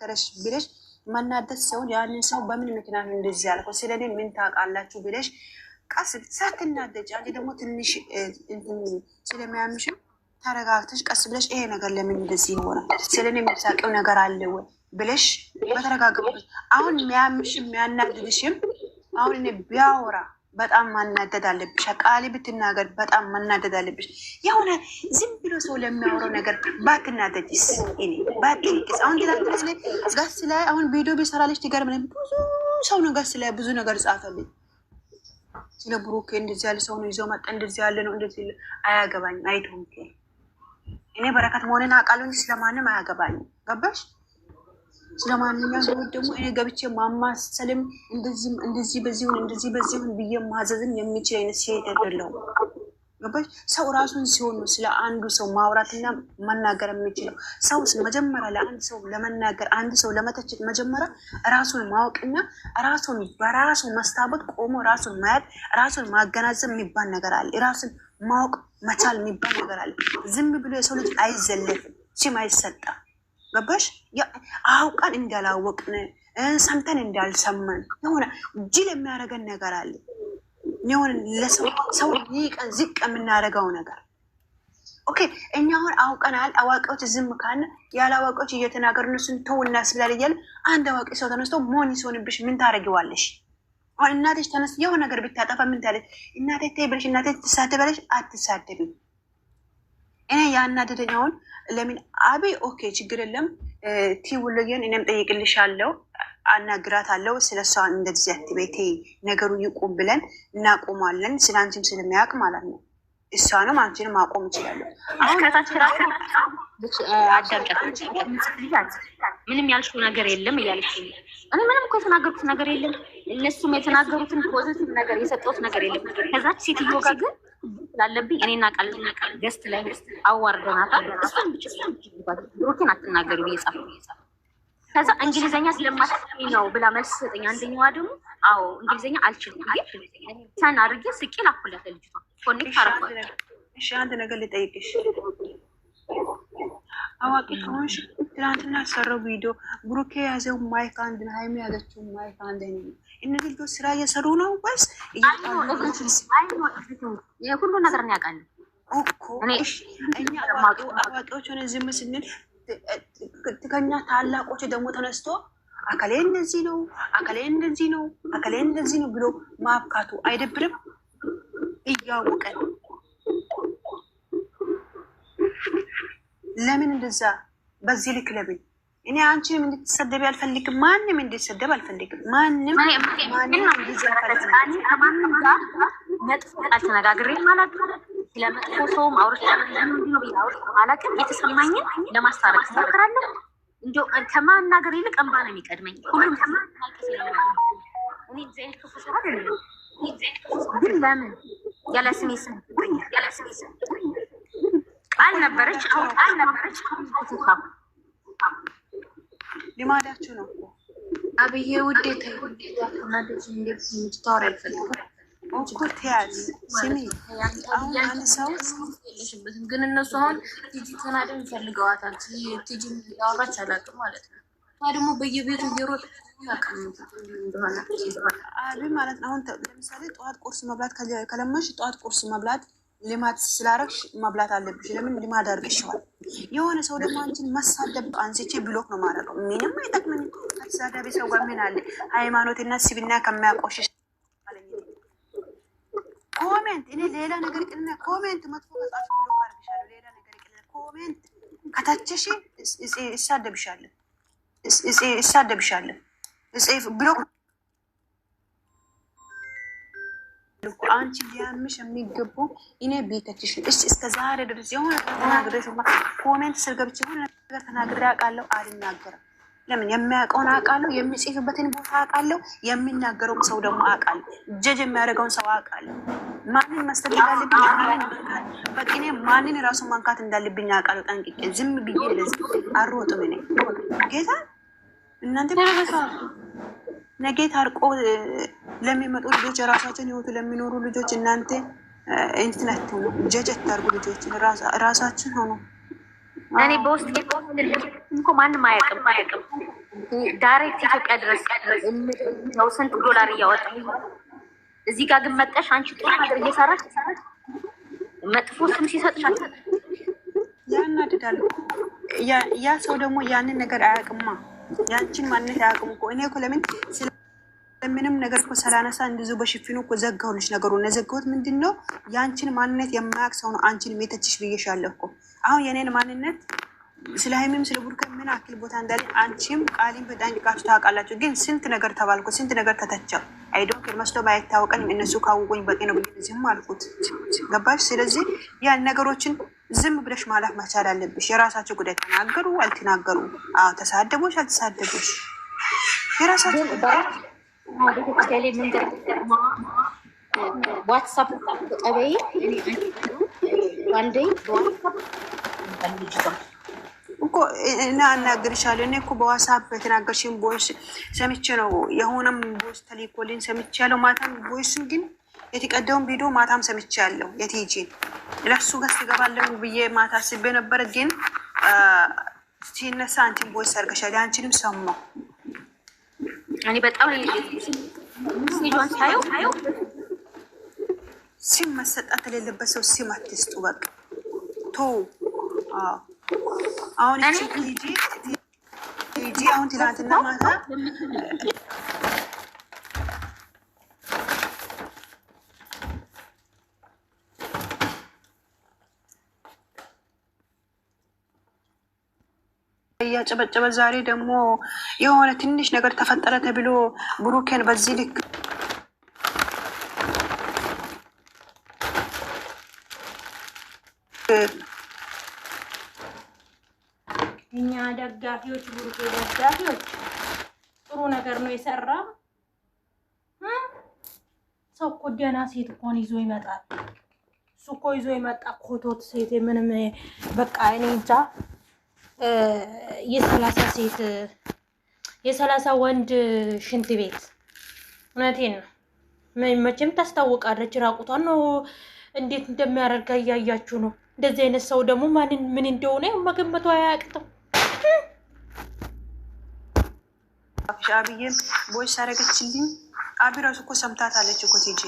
ከረሽ ብለሽ መናደስ ሰውን ያንን ሰው በምን ምክንያት እንደዚህ ያልከው ስለኔ ምን ታውቃላችሁ ብለሽ ቀስ ሳትናደጅ አንቺ ደግሞ ትንሽ ስለሚያምሽም ተረጋግተሽ ቀስ ብለሽ ይሄ ነገር ለምን እንደዚህ ሆነ፣ ስለኔ የምታውቂው ነገር አለ ወይ ብለሽ በተረጋግበሽ አሁን የሚያምሽም የሚያናድድሽም አሁን እኔ ቢያወራ በጣም ማናደድ አለብሽ። ቃሌ ብትናገር በጣም ማናደድ አለብሽ። የሆነ ዝም ብሎ ሰው ለሚያወራው ነገር ባትናደጅስ? እኔ ባትንቅስ አሁን ትላንት ጋስ ላይ አሁን ቪዲዮ ቢሰራለች ትገርምለኝ። ብዙ ሰው ነው ጋስ ላይ ብዙ ነገር ጻፈልኝ ስለ ብሩክ እንደዚህ ያለ ሰው ነው ይዞ መጣ እንደዚህ ያለ ነው እንደዚህ አያገባኝ አይዶንኬ እኔ በረከት መሆንን አውቃለሁ እንጂ ስለማንም አያገባኝ። ገባሽ? ስለማንኛውም ሰዎች ደግሞ እኔ ገብቼ ማማሰልም እንደዚህም እንደዚህ በዚሁን እንደዚህ በዚሁን ብዬ ማዘዝም የሚችል አይነት ሴት አይደለሁም። ገባሽ? ሰው ራሱን ሲሆኑ ስለ አንዱ ሰው ማውራትና መናገር የሚችለው ሰው መጀመሪያ ለአንድ ሰው ለመናገር አንድ ሰው ለመተችት መጀመሪያ ራሱን ማወቅና ራሱን በራሱ መስታወት ቆሞ ራሱን ማየት ራሱን ማገናዘብ የሚባል ነገር አለ። ራሱን ማወቅ መቻል የሚባል ነገር አለ። ዝም ብሎ የሰው ልጅ አይዘለፍም፣ ሲም አይሰጣም። ገባሽ? አውቀን እንዳላወቅን ሰምተን እንዳልሰማን የሆነ ጅል የሚያደርገን ነገር አለ። የሆነ ለሰው ይቀን ዝቅ የምናደርገው ነገር ኦኬ። እኛ አሁን አውቀናል። አዋቂዎች ዝም ካለ ያለ አዋቂዎች እየተናገርን እሱን ተው እናስብላል እያለ አንድ አዋቂ ሰው ተነስቶ ሞኒ ሲሆንብሽ ምን ታደርጊዋለሽ? አሁን እናቴች ተነስ የሆነ ነገር ብታጠፋ ምን ታለች? እናቴ ተይ ብለሽ እናቴ ትሳደበለሽ አትሳደብም እኔ ያናደደኝ አሁን ለምን አቤ ኦኬ ችግር የለም ቲውሎየን እኔም ጠይቅልሽ አለው ጠይቅልሻለሁ አለው ስለ እሷ እንደዚህ አትቤቴ ነገሩ ይቁም ብለን እናቆማለን። ስለ አንቺም ስለሚያውቅ ማለት ነው። እሷንም አንቺንም ማቆም እችላለሁ። ምንም ያልሽው ነገር የለም እያለች እኔ ምንም እኮ የተናገሩት ነገር የለም። እነሱም የተናገሩትን ፖዘቲቭ ነገር የሰጠሁት ነገር የለም። ከዛች ሴትዮ ጋር ግን ስላለብኝ እኔና ቃል ገስት ላይ አዋርደናታል። እሷን ብቻ ብሩኬን አትናገሪ ብዬ ጻፍ ጻፍ ከዛ እንግሊዘኛ ስለማትችል ነው ብላ መልስ ሰጠኝ። አንደኛዋ ደግሞ አዎ እንግሊዘኛ አልችልም ሰን አድርጌ ስቄ ላኩላት ልጅቷ ኮኔክት አረኳል። እሺ አንድ ነገር ልጠይቅሽ አዋቂ ከሆንሽ ትናንትና ያሰራው ቪዲዮ ብሩኬ የያዘው ማይክ አንድ ነው፣ ሀይሚ ያዘችው ማይክ አንድ ነው። እነዚህ ልጆች ስራ እየሰሩ ነው ወይስ ሁሉ ነገር ያውቃል እኮ? እኛ አዋቂዎች ዝም ስንል ከኛ ታላቆች ደግሞ ተነስቶ አካሌ እንደዚህ ነው፣ አካሌ እንደዚህ ነው፣ አከሌ እንደዚህ ነው ብሎ ማብካቱ አይደብርም? እያወቀን ለምን እንደዛ በዚህ ልክ ለምን እኔ አንቺንም እንድትሰደብ አልፈልግም። ማንም እንድትሰደብ አልፈልግም። ማንም መጥፎ ተነጋግሬ ማለት ስለመጥፎ ሰውም አውርቼ የተሰማኝን ለማስታረቅ ከማናገር ይልቅ እንባ ነው የሚቀድመኝ። ሁሉም ግን ለምን ያለ ስሜ ስም ቃል ነበረች ቃል ነበረች ልማዳችሁ ነው እኮ አብዬ ውዴታ እንድታወሪ አልፈልግም እኮ ተያዝ። ስሚ አሁን አንድ ሰው የለሽበትም፣ ግን እነሱ አሁን ቲጂ ተናደም ይፈልገዋታል። ቲጂ ያወራች አላውቅም ማለት ነው። ደግሞ በየቤቱ እየሮጥ እንደሆነ ማለት ነው። አሁን ለምሳሌ ጠዋት ቁርስ መብላት ከለመሽ ጠዋት ቁርስ መብላት ልማድ ስላረግሽ መብላት አለብሽ። ለምን ልማድ አድርገሽዋል። የሆነ ሰው ደግሞ አንቺን መሳደብ አንስቼ ብሎክ ነው ማለት ምንም አይጠቅምን። መሳደብ ሰው ጋር ምን አለ? ሃይማኖትና ስብና ከሚያቆሽሽ ኮሜንት እኔ ሌላ ነገር ቅነ ኮሜንት መጥፎ መጽፍ ብሎ አድርግሻለሁ። ሌላ ነገር ቅነ ኮሜንት ከተቸሽ ይሳደብሻለን፣ ይሳደብሻለን ብሎክ እኮ አንቺ ሊያምሽ የሚገቡ እኔ ቤተችሽ እሺ፣ እስከ ዛሬ ድረስ የሆነ ተናግሬሽ ኮሜንት ስር ገብቼ የሆነ ነገር ተናግሬ አውቃለሁ። አልናገርም። ለምን የሚያውቀውን አውቃለሁ፣ የሚጽፍበትን ቦታ አውቃለሁ፣ የሚናገረውም ሰው ደግሞ አውቃለሁ፣ ጀጅ የሚያደርገውን ሰው አውቃለሁ። ማንን መስጠት እንዳለብኝ በቃ እኔ ማንን ራሱ ማንካት እንዳለብኝ አውቃለሁ ጠንቅቄ። ዝም ብዬ ለዚ አልሮጥም እኔ ጌታ እናንተ ነገ ታርቆ ለሚመጡ ልጆች የራሳቸውን ህይወቱ ለሚኖሩ ልጆች እናንተ እንትን አትሆኑ፣ ጀጅ አታርጉ። ልጆች ራሳችን ሆኑ። እኔ በውስጥ እኮ ማንም አያውቅም አያውቅም። ዳይሬክት ኢትዮጵያ ድረስ ነው ስንት ዶላር እያወጣ እዚህ ጋር ግን መጠሽ አንቺ ጥሩ ነገር እየሰራች መጥፎ ስም ሲሰጥሽ ያናድዳል። ያ ሰው ደግሞ ያንን ነገር አያውቅማ። ያንቺን ማንነት አያውቅም እኮ እኔ እኮ ለምን ነገር እኮ ሰላነሳ እንዲዙ በሽፍኑ እኮ ዘጋሁልሽ። ነገሩ የዘጋሁት ምንድን ነው? ያንቺን ማንነት የማያውቅ ሰው ነው አንቺን ሜተችሽ ብዬሻለሁ እኮ አሁን የኔን ማንነት ስለ ሀይሚም ስለ ቡርከ ምን አክል ቦታ እንዳለ አንቺም ቃሊም በጠንቅቃችሁ ታውቃላችሁ። ግን ስንት ነገር ተባልኩ፣ ስንት ነገር ተተቸው። አይዶንክ መስሎ አይታወቀንም። እነሱ ካወቁኝ በቂ ነው ብዬ ዝም አልኩት። ገባሽ? ስለዚህ ያን ነገሮችን ዝም ብለሽ ማላፍ መቻል አለብሽ። የራሳቸው ጉዳይ ተናገሩ አልተናገሩ፣ ተሳደቦች አልተሳደቦች፣ የራሳቸው ዋትሳፕ ጠበይ እኮ እና አናግርሻለሁ። እኔ እኮ በዋትስአፕ የተናገርሽን ቦይስ ሰምቼ ነው የሆነም ቦይስ ተሊኮልን ሰምቼ ያለው ማታም፣ ቦይሱን ግን የተቀደውን ቪዲዮ ማታም ሰምቼ ያለው የቲጂን ለሱ ጋር ስገባለሁ ብዬ ማታ አስቤ ነበር፣ ግን ሲነሳ አንቺን ቦይስ አድርገሻል። አንቺንም ሰማው እኔ በጣም ሲም መሰጣት የሌለበት ሰው ሲም አትስጡ። በቃ ቶ አሁን ልጅ አሁን ትናንትና ማታ እያጨበጨበ ዛሬ ደግሞ የሆነ ትንሽ ነገር ተፈጠረ ተብሎ ብሩኬን በዚህ ልክ ደጋፊዎች፣ ቡሩኬ ደጋፊዎች ጥሩ ነገር ነው የሰራ። ሰው እኮ ደህና ሴት እኮን ይዞ ይመጣል። እሱ እኮ ይዞ የመጣ ኮቶት ሴት ምንም በቃ እኔ እንጃ የሰላሳ ሴት የሰላሳ ወንድ ሽንት ቤት እውነቴን ነው። መቼም ታስታውቃለች። ራቁቷን ነው እንዴት እንደሚያደርጋ እያያችሁ ነው። እንደዚህ አይነት ሰው ደግሞ ማንን ምን እንደሆነ መገመቱ አያቅጥም። አብዬም ቦይስ አደረገችልኝ። አቢ ራሱ እኮ ሰምታታለች እኮ ቲጂ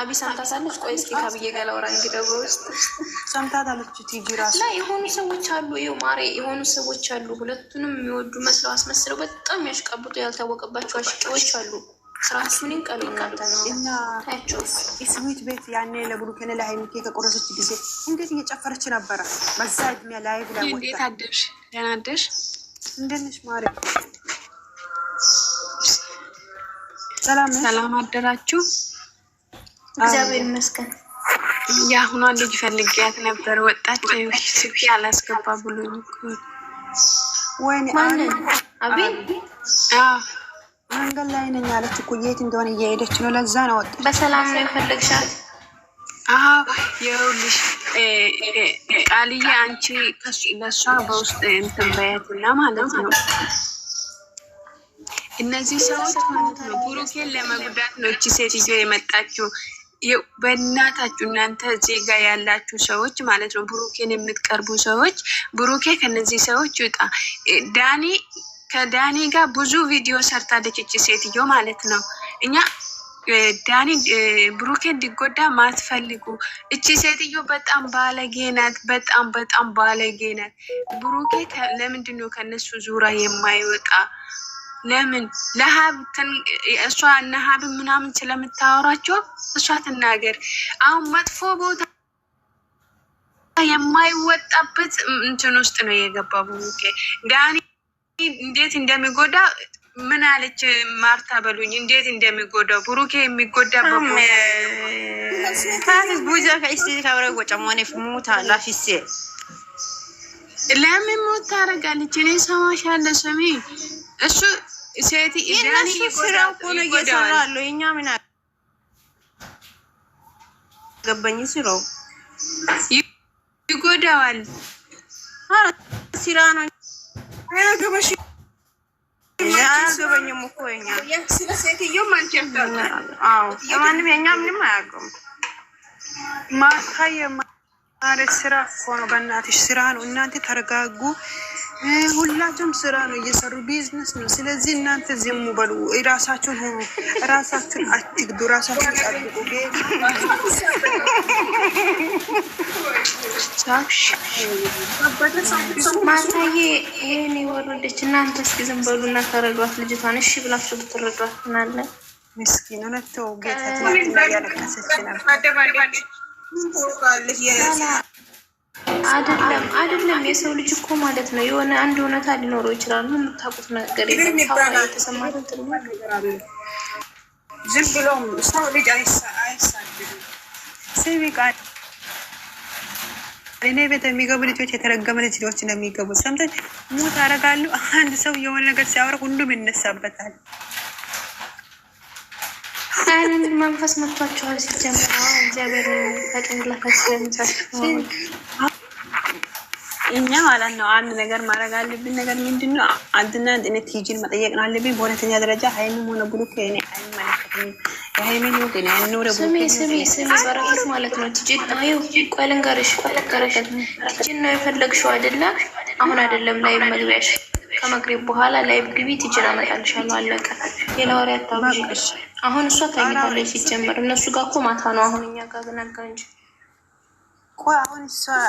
አቢ ሰምታታለች። ቆይ እስኪ ካብዬ ጋር ላውራ እንግዲህ በውስጥ ሰምታታለች ቲጂ ራሱ ላይ የሆኑ ሰዎች አሉ። ይኸው ማሬ የሆኑ ሰዎች አሉ፣ ሁለቱንም የሚወዱ መስለው አስመስለው በጣም ያሽቃብጡ ያልታወቀባቸው አሽቂዎች አሉ። እና ስዊት ቤት ያኔ ለብሩክ እኔ ከቆረሰች ጊዜ እንዴት እየጨፈረች ነበረ። በዛ እድሜ ላይ ብላ እንዴት አደርሽ? ደህና አደርሽ? እንደት ነሽ ማርያም? ሰላም ሰላም አደራችሁ? እግዚአብሔር ይመስገን። የአሁኗ ልጅ ፈልጊያት ነበር ወጣች። ስዊ አላስገባ ብሎኝ ወይኔ አቤት መንገድ ላይ ነኝ አለች እኮ የት እንደሆነ እየሄደች ነው። ለዛ ነው ወጣ። በሰላም ነው የፈለግሻት? አዎ ይኸውልሽ፣ ቃልዬ አንቺ ለእሷ በውስጥ እንትን በያትና ማለት ነው እነዚህ ሰዎች ማለት ነው ብሩኬን ለመጉዳት ነው እቺ ሴትዮ የመጣችው። በእናታችሁ እናንተ ዜጋ ያላችሁ ሰዎች ማለት ነው ብሩኬን የምትቀርቡ ሰዎች ብሩኬ ከነዚህ ሰዎች ይውጣ። ዳኒ ከዳኒ ጋር ብዙ ቪዲዮ ሰርታለች እች ሴትዮ ማለት ነው። እኛ ዳኒ ብሩኬ እንዲጎዳ ማትፈልጉ እቺ ሴትዮ በጣም ባለጌ ናት። በጣም በጣም ባለጌ ናት። ብሩኬ ለምንድን ነው ከነሱ ዙራ የማይወጣ? ለምን ለሀብ እሷ እነ ሀብን ምናምን ስለምታወራቸው እሷ ትናገር። አሁን መጥፎ ቦታ የማይወጣበት እንትን ውስጥ ነው የገባ ብሩኬ ዳኒ እንዴት እንደሚጎዳ ምን አለች ማርታ በሉኝ፣ እንዴት እንደሚጎዳው ብሩኬ የሚጎዳ ለምን ሞት ታደርጋለች? እኔ ሰማሽ አለ ስሚ እሱ ሴት ገባኝ ስራው ይጎዳዋል ስራ ነው። አያገባኝም እኮ የእኛ ስለ ማንም የእኛ ምንም አያውቅም። ማታ ስራ እኮ ነው። በእናትሽ ስራ ነው። እናንተ ተረጋጉ። ሁላቸውም ስራ ነው እየሰሩ ቢዝነስ ነው። ስለዚህ እናንተ ዝም በሉ፣ ራሳችሁን ሆኑ፣ ራሳችሁን አትግዱ፣ ራሳችሁን ጠብቁ። ማታዬ ይህን የወረደች እናንተ እስኪ ዝም በሉ እና ተረዷት ልጅቷን። እሺ ብላችሁ ብትረዷት ምናለን ምስኪን ሁለተው ጌታ ያለቀሰች ነው አይደለም አይደለም። የሰው ልጅ እኮ ማለት ነው የሆነ አንድ እውነታ ሊኖረው ይችላል። ምን የምታውቁት ነገር ዝም ብሎም ሰው ልጅ አይሳድም። ስሚቃል እኔ ቤት የሚገቡ ልጆች የተረገመ ልጅ ልጆች ነው የሚገቡ። ሰምተን ሙት አደርጋሉ። አንድ ሰው የሆነ ነገር ሲያወራ ሁሉም ይነሳበታል። አንድ መንፈስ መጥቷቸዋል። ሲጀምር እግዚአብሔር ከጭንቅላታቸው እኛ ማለት ነው አንድ ነገር ማድረግ አለብን። ነገር ምንድን ነው? አንድና አንድ እኔ ቲጂን መጠየቅ ነው አለብኝ። በሁለተኛ ደረጃ ሀይሚም ሆነ ብሩክ እኔ አይመለከትም። የሀይሚን ህይወት ነው አይኖረ ስሚ ስሚ ስሚ በረከት ማለት ነው ቲጂ ይ ቆይ ልንገርሽ ልንገርሽ ቲጂን ነው የፈለግሽው አይደለ? አሁን አይደለም ላይ መግቢያሽ ከመግቢያ በኋላ ላይ ግቢ ቲጂን አመጣልሻለሁ። አለቀ። ሌላ ወሬ አታብዥ። አሁን እሷ ታኝታለች። ሲጀመር እነሱ ጋር እኮ ማታ ነው። አሁን እኛ ጋር ግን አልጋ ቆይ አሁን እሷ